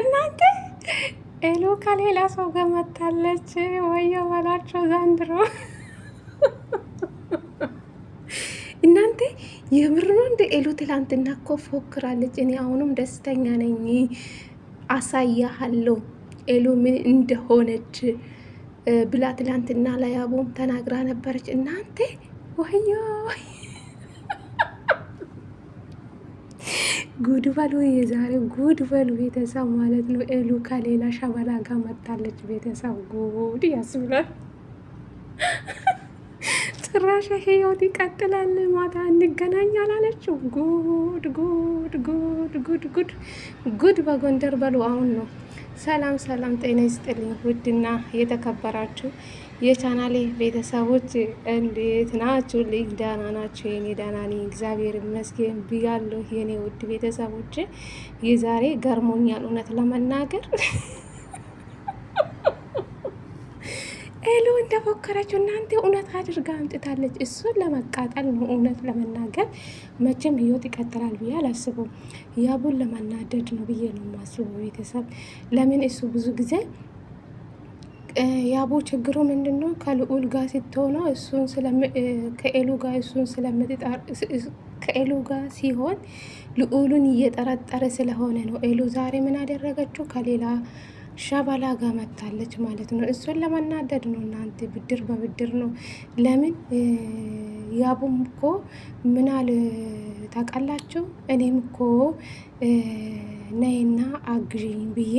እናንተ ኤሎ ከሌላ ሰው ጋር መታለች ወየው በላቸው ዘንድሮ። እናንተ የምር ነው እንደ ኤሎ ትላንትና እኮ ፎክራለች። እኔ አሁንም ደስተኛ ነኝ፣ አሳያሃለሁ ኤሎ ምን እንደሆነች ብላ ትላንትና ላይ አቦም ተናግራ ነበረች። እናንተ ወየው ጉድ በሉ የዛሬ ጉድ በሉ ቤተሰብ ማለት ነው። ኤሉ ከሌላ ሸበላ ጋር መጣለች ቤተሰብ ጉድ ያስብላል። ጭራሽ ህይወት ይቀጥላል። ማታ እንገናኛል አለችው። ጉድ ጉድ ጉድ ጉድ ጉድ ጉድ በጎንደር በሉ አሁን ነው። ሰላም ሰላም፣ ጤና ይስጥልኝ ውድና የተከበራችሁ የቻናሌ ቤተሰቦች እንዴት ናችሁ? ልጅ ዳና ናችሁ? የኔ ዳና ነኝ እግዚአብሔር ይመስገን ብያለሁ። የኔ ውድ ቤተሰቦች የዛሬ ገርሞኛል፣ እውነት ለመናገር ሄሎ እንደፎከረችው እናንተ እውነት አድርጋ አምጥታለች። እሱን ለመቃጠል ነው። እውነት ለመናገር መቼም ህይወት ይቀጥላል ብዬ አላስቡም። ያቡን ለመናደድ ነው ብዬ ነው ማስቡ። ቤተሰብ ለምን እሱ ብዙ ጊዜ ያቦ ችግሩ ምንድን ነው? ከልዑል ጋር ስትሆነው እሱን ከኤሉ ጋር እሱን ከኤሉ ጋር ሲሆን ልዑሉን እየጠረጠረ ስለሆነ ነው። ኤሉ ዛሬ ምን አደረገችው? ከሌላ ሻባላ ጋር መታለች ማለት ነው። እሱን ለመናደድ ነው። እናንተ ብድር በብድር ነው። ለምን ያቡም እኮ ምናል ታውቃላችሁ። እኔም እኮ ነይና አግዥኝ ብዬ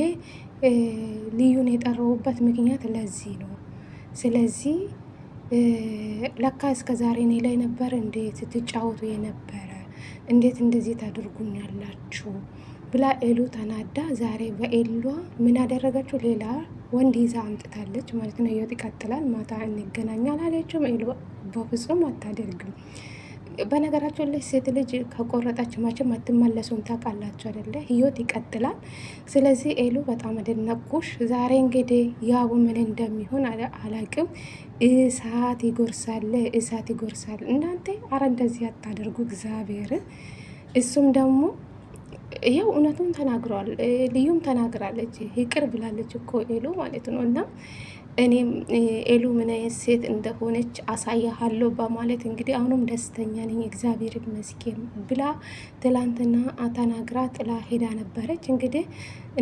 ልዩን የጠራውበት ምክንያት ለዚህ ነው። ስለዚህ ለካ እስከ ዛሬ እኔ ላይ ነበር እንዴት ትጫወቱ የነበረ እንዴት እንደዚህ ታደርጉኛላችሁ ብላ ኤሉ ተናዳ ዛሬ በኤሏ ምን ያደረገችው ሌላ ወንድ ይዛ አምጥታለች ማለት ነው። ይወት ይቀጥላል። ማታ እንገናኛል አለችም። ኤሉ በፍጹም አታደርግም። በነገራቸው ላይ ሴት ልጅ ከቆረጣችሁ መቼም አትመለሱም። ታውቃላችሁ አይደለ? ህይወት ይቀጥላል። ስለዚህ ኤሉ በጣም አደነቅኩሽ። ዛሬ እንግዲህ ያቡ ምን እንደሚሆን አላቅም። እሳት ይጎርሳል፣ እሳት ይጎርሳል። እናንተ አረ እንደዚህ አታደርጉ እግዚአብሔር። እሱም ደግሞ ያው እውነቱም ተናግረዋል። ልዩም ተናግራለች፣ ይቅር ብላለች እኮ ኤሉ ማለት ነው እና እኔም ኤሉ ምን አይነት ሴት እንደሆነች አሳያሃለሁ በማለት እንግዲህ አሁኑም ደስተኛ ነኝ እግዚአብሔር ይመስገን ብላ ትላንትና ተናግራ ጥላ ሄዳ ነበረች። እንግዲህ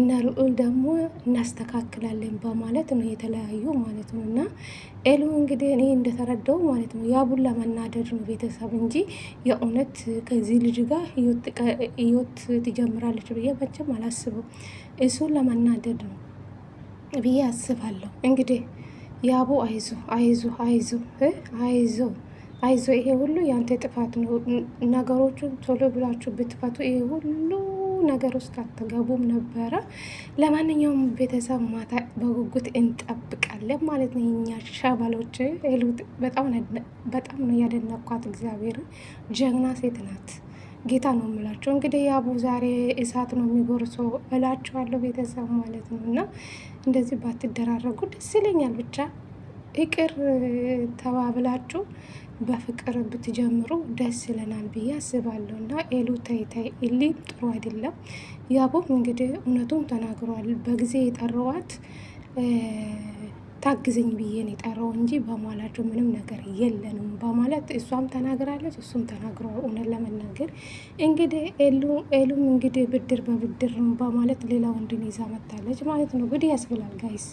እና ልዑል ደግሞ እናስተካክላለን በማለት ነው የተለያዩ ማለት ነው። እና ኤሉ እንግዲህ እኔ እንደተረዳው ማለት ነው ያቡን ለመናደድ ነው ቤተሰብ እንጂ የእውነት ከዚህ ልጅ ጋር ህይወት ትጀምራለች ብዬ መቼም አላስብም። እሱን ለመናደድ ነው ብዬ አስባለሁ። እንግዲህ ያቡ አይዞ አይዞ አይዞ አይዞ አይዞ ይሄ ሁሉ የአንተ ጥፋት ነው። ነገሮቹን ቶሎ ብላችሁ ብትፈቱ ይሄ ሁሉ ነገር ውስጥ አትገቡም ነበረ። ለማንኛውም ቤተሰብ ማታ በጉጉት እንጠብቃለን ማለት ነው። የኛ ሸበሎች በጣም ነው ያደነኳት። እግዚአብሔር ጀግና ሴት ናት። ጌታ ነው የምላቸው። እንግዲህ ያቡ ዛሬ እሳት ነው የሚጎርሰው እላችኋለሁ ቤተሰብ ማለት ነው እና እንደዚህ ባትደራረጉ ደስ ይለኛል። ብቻ ይቅር ተባብላችሁ በፍቅር ብትጀምሩ ደስ ይለናል ብዬ አስባለሁ። እና ኤሉ ተይታይ እሊ ጥሩ አይደለም። ያቦም እንግዲህ እውነቱም ተናግሯል። በጊዜ የጠረዋት ታግዘኝ ብዬን የጠራው እንጂ በሟላቸው ምንም ነገር የለንም በማለት እሷም ተናግራለች፣ እሱም ተናግሮ እውነት ለመናገር እንግዲህ ኤሉም እንግዲህ ብድር በብድር በማለት ሌላ ወንድን ይዛ መታለች ማለት ነው። ጉድ ያስብላል ጋይስ።